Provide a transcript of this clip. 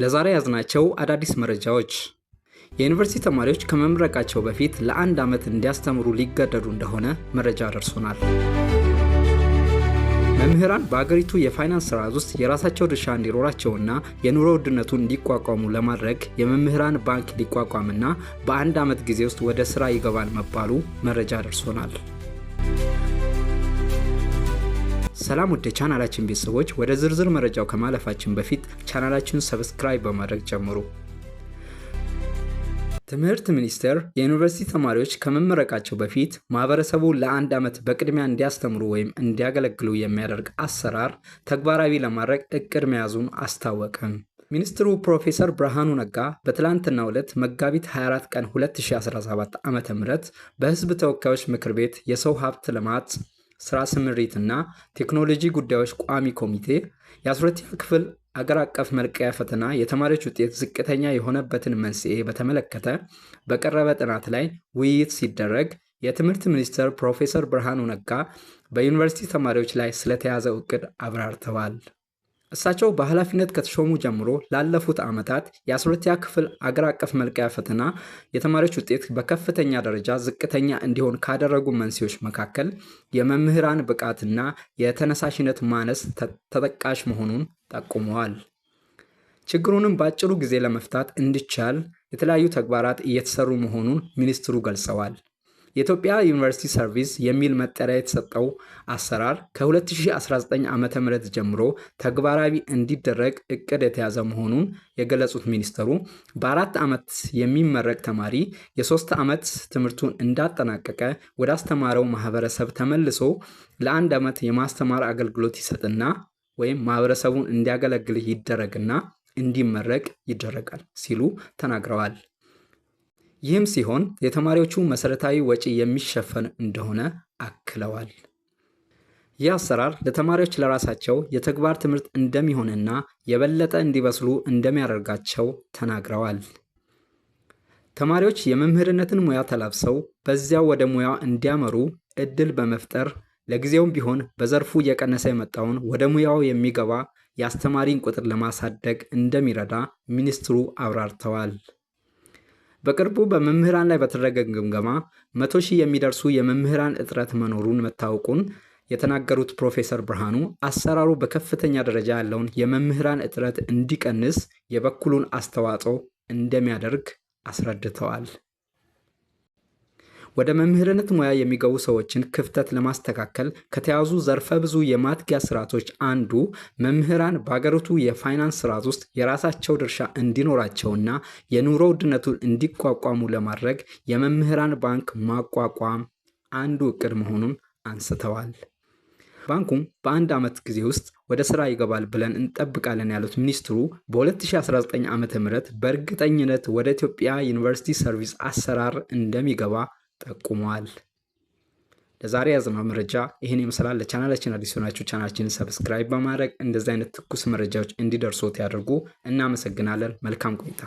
ለዛሬ ያዝናቸው አዳዲስ መረጃዎች የዩኒቨርሲቲ ተማሪዎች ከመምረቃቸው በፊት ለአንድ ዓመት እንዲያስተምሩ ሊገደዱ እንደሆነ መረጃ ደርሶናል። መምህራን በአገሪቱ የፋይናንስ ስርዓት ውስጥ የራሳቸው ድርሻ እንዲኖራቸውና የኑሮ ውድነቱን እንዲቋቋሙ ለማድረግ የመምህራን ባንክ ሊቋቋምና በአንድ ዓመት ጊዜ ውስጥ ወደ ስራ ይገባል መባሉ መረጃ ደርሶናል። ሰላም ወደ ቻናላችን ቤተሰቦች፣ ወደ ዝርዝር መረጃው ከማለፋችን በፊት ቻናላችን ሰብስክራይብ በማድረግ ጀምሩ። ትምህርት ሚኒስቴር የዩኒቨርሲቲ ተማሪዎች ከመመረቃቸው በፊት ማህበረሰቡ ለአንድ ዓመት በቅድሚያ እንዲያስተምሩ ወይም እንዲያገለግሉ የሚያደርግ አሰራር ተግባራዊ ለማድረግ እቅድ መያዙን አስታወቀም። ሚኒስትሩ ፕሮፌሰር ብርሃኑ ነጋ በትላንትና ዕለት መጋቢት 24 ቀን 2017 ዓ.ም በህዝብ ተወካዮች ምክር ቤት የሰው ሀብት ልማት ስራ ስምሪትና ቴክኖሎጂ ጉዳዮች ቋሚ ኮሚቴ የአስረኛ ክፍል አገር አቀፍ መልቀያ ፈተና የተማሪዎች ውጤት ዝቅተኛ የሆነበትን መንስኤ በተመለከተ በቀረበ ጥናት ላይ ውይይት ሲደረግ የትምህርት ሚኒስትር ፕሮፌሰር ብርሃኑ ነጋ በዩኒቨርሲቲ ተማሪዎች ላይ ስለተያዘ እቅድ አብራርተዋል። እሳቸው በኃላፊነት ከተሾሙ ጀምሮ ላለፉት ዓመታት የአስረኛ ክፍል አገር አቀፍ መልቀያ ፈተና የተማሪዎች ውጤት በከፍተኛ ደረጃ ዝቅተኛ እንዲሆን ካደረጉ መንስኤዎች መካከል የመምህራን ብቃትና የተነሳሽነት ማነስ ተጠቃሽ መሆኑን ጠቁመዋል። ችግሩንም በአጭሩ ጊዜ ለመፍታት እንዲቻል የተለያዩ ተግባራት እየተሰሩ መሆኑን ሚኒስትሩ ገልጸዋል። የኢትዮጵያ ዩኒቨርሲቲ ሰርቪስ የሚል መጠሪያ የተሰጠው አሰራር ከ2019 ዓ ም ጀምሮ ተግባራዊ እንዲደረግ እቅድ የተያዘ መሆኑን የገለጹት ሚኒስተሩ በአራት ዓመት የሚመረቅ ተማሪ የሶስት ዓመት ትምህርቱን እንዳጠናቀቀ ወደ አስተማረው ማህበረሰብ ተመልሶ ለአንድ ዓመት የማስተማር አገልግሎት ይሰጥና ወይም ማህበረሰቡን እንዲያገለግል ይደረግና እንዲመረቅ ይደረጋል ሲሉ ተናግረዋል። ይህም ሲሆን የተማሪዎቹ መሰረታዊ ወጪ የሚሸፈን እንደሆነ አክለዋል። ይህ አሰራር ለተማሪዎች ለራሳቸው የተግባር ትምህርት እንደሚሆንና የበለጠ እንዲበስሉ እንደሚያደርጋቸው ተናግረዋል። ተማሪዎች የመምህርነትን ሙያ ተላብሰው በዚያው ወደ ሙያ እንዲያመሩ እድል በመፍጠር ለጊዜውም ቢሆን በዘርፉ እየቀነሰ የመጣውን ወደ ሙያው የሚገባ የአስተማሪን ቁጥር ለማሳደግ እንደሚረዳ ሚኒስትሩ አብራርተዋል። በቅርቡ በመምህራን ላይ በተደረገ ግምገማ መቶ ሺህ የሚደርሱ የመምህራን እጥረት መኖሩን መታወቁን የተናገሩት ፕሮፌሰር ብርሃኑ አሰራሩ በከፍተኛ ደረጃ ያለውን የመምህራን እጥረት እንዲቀንስ የበኩሉን አስተዋጽኦ እንደሚያደርግ አስረድተዋል። ወደ መምህርነት ሙያ የሚገቡ ሰዎችን ክፍተት ለማስተካከል ከተያዙ ዘርፈ ብዙ የማትጊያ ስርዓቶች አንዱ መምህራን በሀገሪቱ የፋይናንስ ስርዓት ውስጥ የራሳቸው ድርሻ እንዲኖራቸውና የኑሮ ውድነቱን እንዲቋቋሙ ለማድረግ የመምህራን ባንክ ማቋቋም አንዱ እቅድ መሆኑን አንስተዋል። ባንኩም በአንድ ዓመት ጊዜ ውስጥ ወደ ስራ ይገባል ብለን እንጠብቃለን ያሉት ሚኒስትሩ በ2019 ዓ ም በእርግጠኝነት ወደ ኢትዮጵያ ዩኒቨርሲቲ ሰርቪስ አሰራር እንደሚገባ ጠቁሟል። ለዛሬ ያዝነው መረጃ ይህን ይመስላል። ለቻናላችን አዲስ ሆናችሁ ቻናላችንን ሰብስክራይብ በማድረግ እንደዚህ አይነት ትኩስ መረጃዎች እንዲደርሶት ያደርጉ። እናመሰግናለን። መልካም ቆይታ